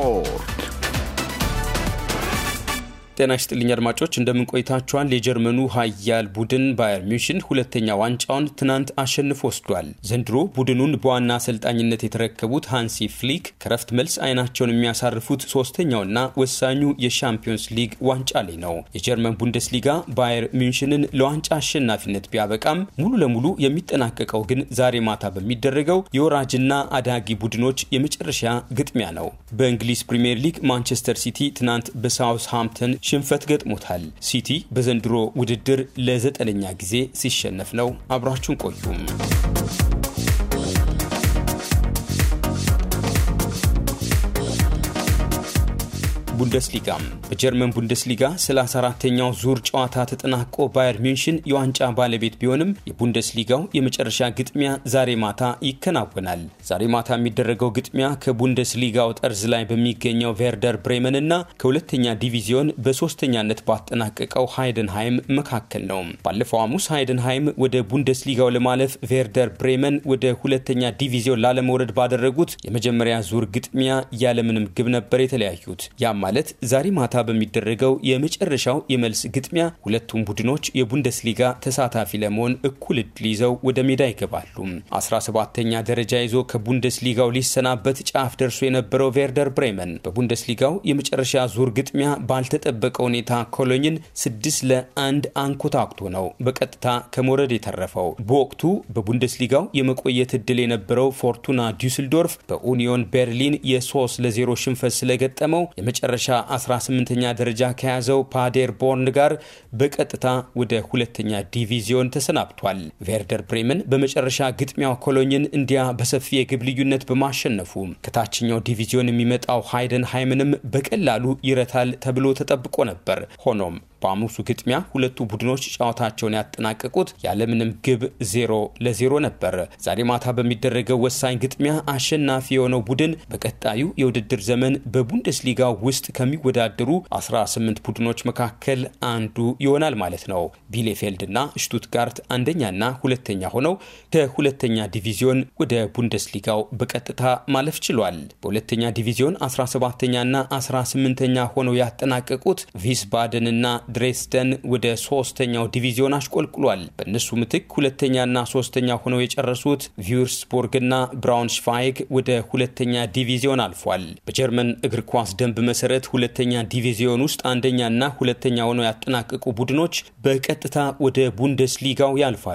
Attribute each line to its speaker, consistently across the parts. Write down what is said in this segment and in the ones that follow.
Speaker 1: 4. ጤና ይስጥልኝ አድማጮች፣ እንደምን ቆይታችኋል? የጀርመኑ ኃያል ቡድን ባየር ሚሽን ሁለተኛ ዋንጫውን ትናንት አሸንፎ ወስዷል። ዘንድሮ ቡድኑን በዋና አሰልጣኝነት የተረከቡት ሃንሲ ፍሊክ ከረፍት መልስ አይናቸውን የሚያሳርፉት ሶስተኛውና ወሳኙ የሻምፒዮንስ ሊግ ዋንጫ ላይ ነው። የጀርመን ቡንደስሊጋ ባየር ሚንሽንን ለዋንጫ አሸናፊነት ቢያበቃም ሙሉ ለሙሉ የሚጠናቀቀው ግን ዛሬ ማታ በሚደረገው የወራጅና አዳጊ ቡድኖች የመጨረሻ ግጥሚያ ነው። በእንግሊዝ ፕሪምየር ሊግ ማንቸስተር ሲቲ ትናንት በሳውስ ሃምፕተን ሽንፈት ገጥሞታል። ሲቲ በዘንድሮ ውድድር ለዘጠነኛ ጊዜ ሲሸነፍ ነው። አብራችሁን ቆዩም። ቡንደስሊጋ በጀርመን ቡንደስሊጋ 34ተኛው ዙር ጨዋታ ተጠናቆ ባየር ሚንሽን የዋንጫ ባለቤት ቢሆንም የቡንደስሊጋው የመጨረሻ ግጥሚያ ዛሬ ማታ ይከናወናል። ዛሬ ማታ የሚደረገው ግጥሚያ ከቡንደስሊጋው ጠርዝ ላይ በሚገኘው ቬርደር ብሬመን እና ከሁለተኛ ዲቪዚዮን በሶስተኛነት ባጠናቀቀው ሃይደንሃይም መካከል ነው። ባለፈው ሐሙስ ሃይደንሃይም ወደ ቡንደስሊጋው ለማለፍ ቬርደር ብሬመን ወደ ሁለተኛ ዲቪዚዮን ላለመውረድ ባደረጉት የመጀመሪያ ዙር ግጥሚያ ያለምንም ግብ ነበር የተለያዩት ያማ በማለት ዛሬ ማታ በሚደረገው የመጨረሻው የመልስ ግጥሚያ ሁለቱም ቡድኖች የቡንደስሊጋ ተሳታፊ ለመሆን እኩል እድል ይዘው ወደ ሜዳ ይገባሉ። 17ተኛ ደረጃ ይዞ ከቡንደስሊጋው ሊሰናበት ጫፍ ደርሶ የነበረው ቬርደር ብሬመን በቡንደስሊጋው የመጨረሻ ዙር ግጥሚያ ባልተጠበቀ ሁኔታ ኮሎኝን ስድስት ለአንድ አንኮታኩቶ ነው በቀጥታ ከመውረድ የተረፈው። በወቅቱ በቡንደስሊጋው የመቆየት እድል የነበረው ፎርቱና ዱስልዶርፍ በኡኒዮን ቤርሊን የ3 ለ0 ሽንፈት ስለገጠመው የመጨረ በመጨረሻ 18ኛ ደረጃ ከያዘው ፓዴር ቦርን ጋር በቀጥታ ወደ ሁለተኛ ዲቪዚዮን ተሰናብቷል። ቬርደር ብሬምን በመጨረሻ ግጥሚያው ኮሎኝን እንዲያ በሰፊ የግብ ልዩነት በማሸነፉ ከታችኛው ዲቪዚዮን የሚመጣው ሃይደን ሃይምንም በቀላሉ ይረታል ተብሎ ተጠብቆ ነበር። ሆኖም በአሙሱ ግጥሚያ ሁለቱ ቡድኖች ጨዋታቸውን ያጠናቀቁት ያለምንም ግብ ዜሮ ለዜሮ ነበር። ዛሬ ማታ በሚደረገው ወሳኝ ግጥሚያ አሸናፊ የሆነው ቡድን በቀጣዩ የውድድር ዘመን በቡንደስሊጋ ውስጥ ከሚወዳደሩ 18 ቡድኖች መካከል አንዱ ይሆናል ማለት ነው። ቢሌፌልድና ሽቱትጋርት አንደኛና ሁለተኛ ሆነው ከሁለተኛ ዲቪዚዮን ወደ ቡንደስሊጋው በቀጥታ ማለፍ ችሏል። በሁለተኛ ዲቪዚዮን 17ኛና 18ኛ ሆነው ያጠናቀቁት ቪስባደንና ድሬስደን ወደ ሶስተኛው ዲቪዚዮን አሽቆልቁሏል። በእነሱ ምትክ ሁለተኛና ሶስተኛ ሆነው የጨረሱት ና ብራውንሽቫይግ ወደ ሁለተኛ ዲቪዚዮን አልፏል። በጀርመን እግር ኳስ ደንብ መሰረት ሁለተኛ ዲቪዚዮን ውስጥ አንደኛና ሁለተኛ ሆነው ያጠናቀቁ ቡድኖች በቀጥታ ወደ ቡንደስሊጋው ያልፋሉ።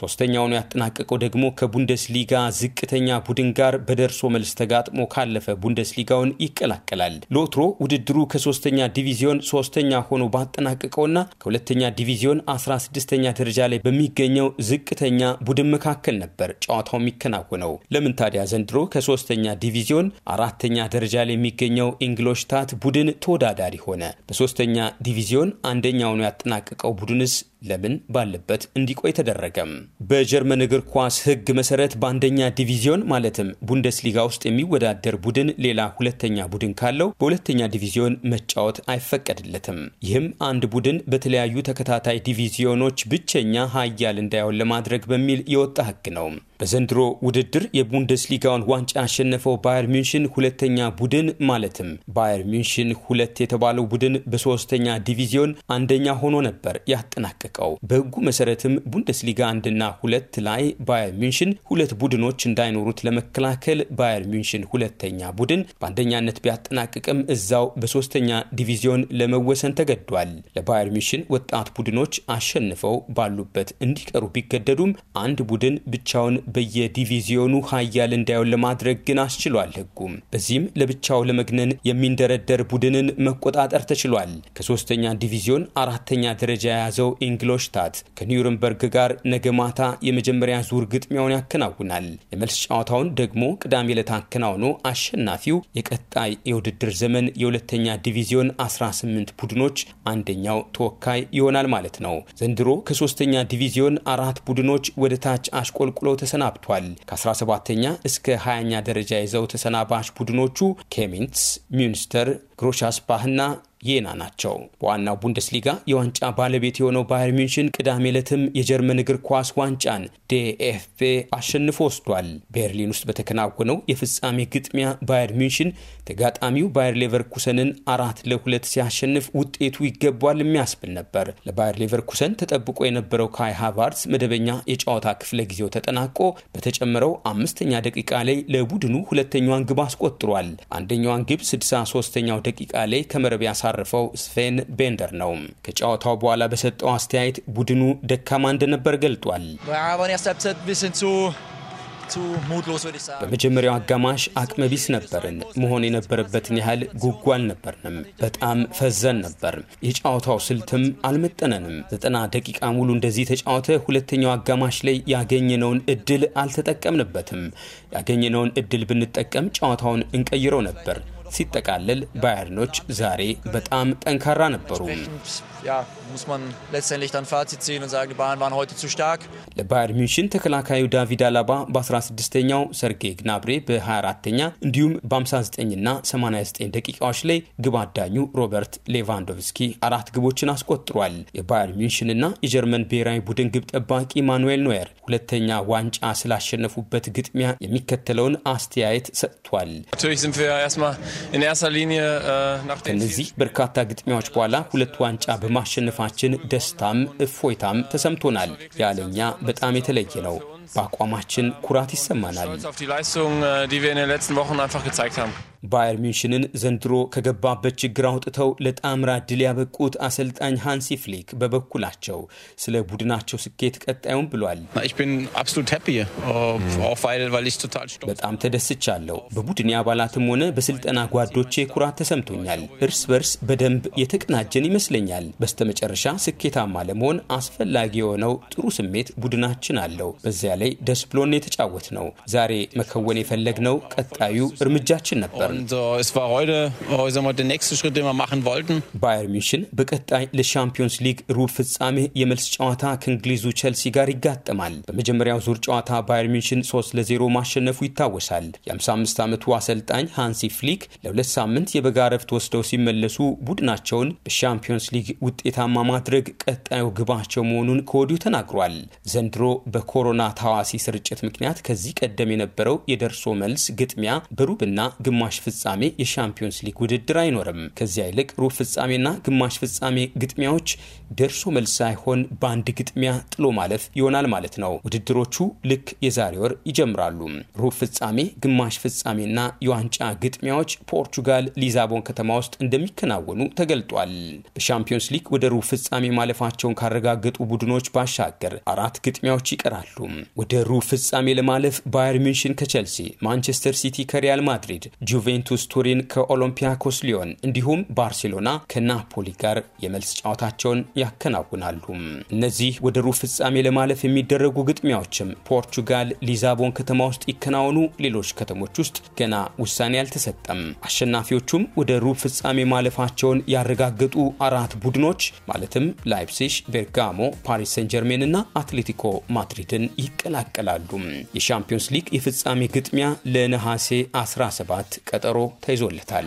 Speaker 1: ሶስተኛ ሆነው ያጠናቀቀው ደግሞ ከቡንደስሊጋ ዝቅተኛ ቡድን ጋር በደርሶ መልስ ተጋጥሞ ካለፈ ቡንደስሊጋውን ይቀላቀላል። ሎትሮ ውድድሩ ከሶስተኛ ዲቪዚዮን ሶስተኛ ሆኖ ባጠና ያጠናቀቀውና ከሁለተኛ ዲቪዚዮን 16ኛ ደረጃ ላይ በሚገኘው ዝቅተኛ ቡድን መካከል ነበር ጨዋታው የሚከናወነው። ለምን ታዲያ ዘንድሮ ከሶስተኛ ዲቪዚዮን አራተኛ ደረጃ ላይ የሚገኘው ኢንግሎሽታት ቡድን ተወዳዳሪ ሆነ? በሶስተኛ ዲቪዚዮን አንደኛ ያጠናቀቀው ቡድንስ ለምን ባለበት እንዲቆይ ተደረገም? በጀርመን እግር ኳስ ሕግ መሰረት በአንደኛ ዲቪዚዮን ማለትም ቡንደስሊጋ ውስጥ የሚወዳደር ቡድን ሌላ ሁለተኛ ቡድን ካለው በሁለተኛ ዲቪዚዮን መጫወት አይፈቀድለትም። ይህም አንድ ቡድን በተለያዩ ተከታታይ ዲቪዚዮኖች ብቸኛ ሀያል እንዳይሆን ለማድረግ በሚል የወጣ ሕግ ነው። በዘንድሮ ውድድር የቡንደስሊጋውን ዋንጫ ያሸነፈው ባየር ሚንሽን ሁለተኛ ቡድን ማለትም ባየር ሚንሽን ሁለት የተባለው ቡድን በሶስተኛ ዲቪዚዮን አንደኛ ሆኖ ነበር ያጠናቀቀው። በህጉ መሰረትም ቡንደስሊጋ አንድና ሁለት ላይ ባየር ሚንሽን ሁለት ቡድኖች እንዳይኖሩት ለመከላከል ባየር ሚንሽን ሁለተኛ ቡድን በአንደኛነት ቢያጠናቅቅም እዛው በሶስተኛ ዲቪዚዮን ለመወሰን ተገዷል። ለባየር ሚንሽን ወጣት ቡድኖች አሸንፈው ባሉበት እንዲቀሩ ቢገደዱም አንድ ቡድን ብቻውን በየዲቪዚዮኑ ሀያል እንዳይሆን ለማድረግ ግን አስችሏል ህጉም። በዚህም ለብቻው ለመግነን የሚንደረደር ቡድንን መቆጣጠር ተችሏል። ከሶስተኛ ዲቪዚዮን አራተኛ ደረጃ የያዘው ኢንግሎሽታት ከኒውረምበርግ ጋር ነገ ማታ የመጀመሪያ ዙር ግጥሚያውን ያከናውናል። የመልስ ጨዋታውን ደግሞ ቅዳሜ ዕለት አከናውኖ አሸናፊው የቀጣይ የውድድር ዘመን የሁለተኛ ዲቪዚዮን 18 ቡድኖች አንደኛው ተወካይ ይሆናል ማለት ነው። ዘንድሮ ከሶስተኛ ዲቪዚዮን አራት ቡድኖች ወደ ታች አሽቆልቁለው ተሰናል ተሰናብቷል። ከ17ኛ እስከ 20ኛ ደረጃ ይዘው ተሰናባሽ ቡድኖቹ ኬሚንትስ፣ ሚኒስተር ግሮሻስ ባህና የና ናቸው። በዋናው ቡንደስሊጋ የዋንጫ ባለቤት የሆነው ባየር ሚንሽን ቅዳሜ ዕለትም የጀርመን እግር ኳስ ዋንጫን ዴኤፍቤ አሸንፎ ወስዷል። ቤርሊን ውስጥ በተከናወነው የፍጻሜ ግጥሚያ ባየር ሚንሽን ተጋጣሚው ባየር ሌቨርኩሰንን አራት ለሁለት ሲያሸንፍ ውጤቱ ይገባል የሚያስብል ነበር። ለባየር ሌቨርኩሰን ተጠብቆ የነበረው ካይ ሃቫርትስ መደበኛ የጨዋታ ክፍለ ጊዜው ተጠናቆ በተጨመረው አምስተኛ ደቂቃ ላይ ለቡድኑ ሁለተኛዋን ግብ አስቆጥሯል። አንደኛዋን ግብ 63ኛው ደቂቃ ላይ ከመረብ ያሳረፈው ስፌን ቤንደር ነው። ከጨዋታው በኋላ በሰጠው አስተያየት ቡድኑ ደካማ እንደነበር ገልጧል። በመጀመሪያው አጋማሽ አቅመ ቢስ ነበርን። መሆን የነበረበትን ያህል ጉጉ አልነበርንም። በጣም ፈዘን ነበር። የጨዋታው ስልትም አልመጠነንም። ዘጠና ደቂቃ ሙሉ እንደዚህ ተጫወተ። ሁለተኛው አጋማሽ ላይ ያገኘነውን እድል አልተጠቀምንበትም። ያገኘነውን እድል ብንጠቀም ጨዋታውን እንቀይረው ነበር። ሲጠቃለል ባየርኖች ዛሬ በጣም ጠንካራ ነበሩ። ja, muss man letztendlich dann Fazit ziehen und sagen, die Bayern waren heute zu stark. ለባየር ሚንሽን ተከላካዩ ዳቪድ አላባ በ16ኛው ሰርጌ ግናብሬ በ24ኛ እንዲሁም በ59ና 89 ደቂቃዎች ላይ ግብ አዳኙ ሮበርት ሌቫንዶቭስኪ አራት ግቦችን አስቆጥሯል። የባየር ሚንሽንና የጀርመን ብሔራዊ ቡድን ግብ ጠባቂ ማኑኤል ኖየር ሁለተኛ ዋንጫ ስላሸነፉበት ግጥሚያ የሚከተለውን አስተያየት ሰጥቷል። äh, ከእነዚህ በርካታ ግጥሚያዎች በኋላ ሁለት ዋንጫ በ በማሸነፋችን ደስታም እፎይታም ተሰምቶናል። ያለኛ በጣም የተለየ ነው። በአቋማችን ኩራት ይሰማናል። ባየር ሚንሽንን ዘንድሮ ከገባበት ችግር አውጥተው ለጣምራ ድል ያበቁት አሰልጣኝ ሃንሲ ፍሊክ በበኩላቸው ስለ ቡድናቸው ስኬት ቀጣዩም ብሏል። በጣም ተደስቻለሁ። በቡድኔ አባላትም ሆነ በስልጠና ጓዶቼ ኩራት ተሰምቶኛል። እርስ በርስ በደንብ የተቀናጀን ይመስለኛል። በስተመጨረሻ ስኬታማ ለመሆን አስፈላጊ የሆነው ጥሩ ስሜት ቡድናችን አለው። በዚያ ላይ ደስ ብሎን የተጫወት ነው። ዛሬ መከወን የፈለግነው ቀጣዩ እርምጃችን ነበር። Und äh, es war heute äh, wir, der nächste Schritt, den wir machen wollten. ባየር ሚሽን በቀጣይ ለሻምፒዮንስ ሊግ ሩብ ፍጻሜ የመልስ ጨዋታ ከእንግሊዙ ቸልሲ ጋር ይጋጠማል። በመጀመሪያው ዙር ጨዋታ ባየር ሚንሽን 3 ለ0 ማሸነፉ ይታወሳል። የ55 ዓመቱ አሰልጣኝ ሃንሲ ፍሊክ ለሁለት ሳምንት የበጋ ረፍት ወስደው ሲመለሱ ቡድናቸውን በሻምፒዮንስ ሊግ ውጤታማ ማድረግ ቀጣዩ ግባቸው መሆኑን ከወዲሁ ተናግሯል። ዘንድሮ በኮሮና ታዋሲ ስርጭት ምክንያት ከዚህ ቀደም የነበረው የደርሶ መልስ ግጥሚያ በሩብና ግማሽ ፍጻሜ የሻምፒዮንስ ሊግ ውድድር አይኖርም። ከዚያ ይልቅ ሩብ ፍጻሜና ግማሽ ፍጻሜ ግጥሚያዎች ደርሶ መልስ ሳይሆን በአንድ ግጥሚያ ጥሎ ማለፍ ይሆናል ማለት ነው። ውድድሮቹ ልክ የዛሬ ወር ይጀምራሉ። ሩብ ፍጻሜ፣ ግማሽ ፍጻሜና የዋንጫ ግጥሚያዎች ፖርቹጋል ሊዛቦን ከተማ ውስጥ እንደሚከናወኑ ተገልጧል። በሻምፒዮንስ ሊግ ወደ ሩብ ፍጻሜ ማለፋቸውን ካረጋገጡ ቡድኖች ባሻገር አራት ግጥሚያዎች ይቀራሉ። ወደ ሩብ ፍጻሜ ለማለፍ ባየር ሚንሽን ከቸልሲ፣ ማንቸስተር ሲቲ ከሪያል ማድሪድ፣ ጁቬ ዩቬንቱስ ቱሪን ከኦሎምፒያኮስ ሊዮን እንዲሁም ባርሴሎና ከናፖሊ ጋር የመልስ ጨዋታቸውን ያከናውናሉ። እነዚህ ወደ ሩብ ፍጻሜ ለማለፍ የሚደረጉ ግጥሚያዎችም ፖርቹጋል ሊዛቦን ከተማ ውስጥ ይከናወኑ። ሌሎች ከተሞች ውስጥ ገና ውሳኔ አልተሰጠም። አሸናፊዎቹም ወደ ሩብ ፍጻሜ ማለፋቸውን ያረጋገጡ አራት ቡድኖች ማለትም ላይፕሲሽ፣ ቤርጋሞ፣ ፓሪስ ሰን ጀርሜን ና አትሌቲኮ ማድሪድን ይቀላቀላሉ። የሻምፒዮንስ ሊግ የፍጻሜ ግጥሚያ ለነሐሴ 17 ቀ ቀጠሮ ተይዞለታል።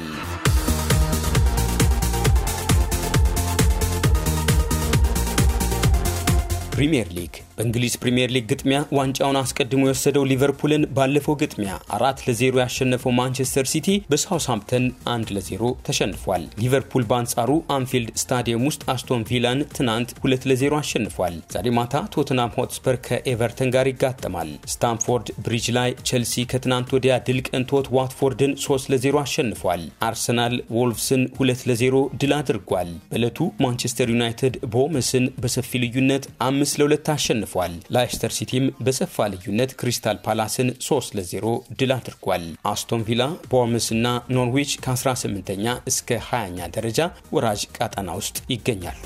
Speaker 1: ፕሪምየር ሊግ በእንግሊዝ ፕሪምየር ሊግ ግጥሚያ ዋንጫውን አስቀድሞ የወሰደው ሊቨርፑልን ባለፈው ግጥሚያ አራት ለዜሮ ያሸነፈው ማንቸስተር ሲቲ በሳውስሃምፕተን አንድ ለዜሮ ተሸንፏል። ሊቨርፑል በአንጻሩ አንፊልድ ስታዲየም ውስጥ አስቶን ቪላን ትናንት ሁለት ለዜሮ አሸንፏል። ዛሬ ማታ ቶትናም ሆትስፐር ከኤቨርተን ጋር ይጋጠማል። ስታምፎርድ ብሪጅ ላይ ቸልሲ ከትናንት ወዲያ ድል ቀንቶት ዋትፎርድን 3 ለዜሮ አሸንፏል። አርሰናል ዎልቭስን 2 ለዜሮ ድል አድርጓል። በዕለቱ ማንቸስተር ዩናይትድ ቦመስን በሰፊ ልዩነት አምስት ለሁለት አሸንፏል። አሸንፏል። ላይስተር ሲቲም በሰፋ ልዩነት ክሪስታል ፓላስን 3 ለ0 ድል አድርጓል። አስቶን ቪላ፣ ቦርምስ እና ኖርዊች ከ18ኛ እስከ 20ኛ ደረጃ ወራጅ ቀጠና ውስጥ ይገኛሉ።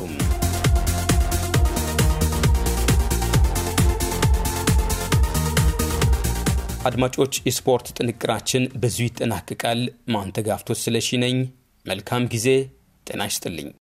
Speaker 1: አድማጮች፣ የስፖርት ጥንቅራችን በዚሁ ይጠናቀቃል። ማንተጋፍቶት ስለሺ ነኝ። መልካም ጊዜ። ጤና ይስጥልኝ።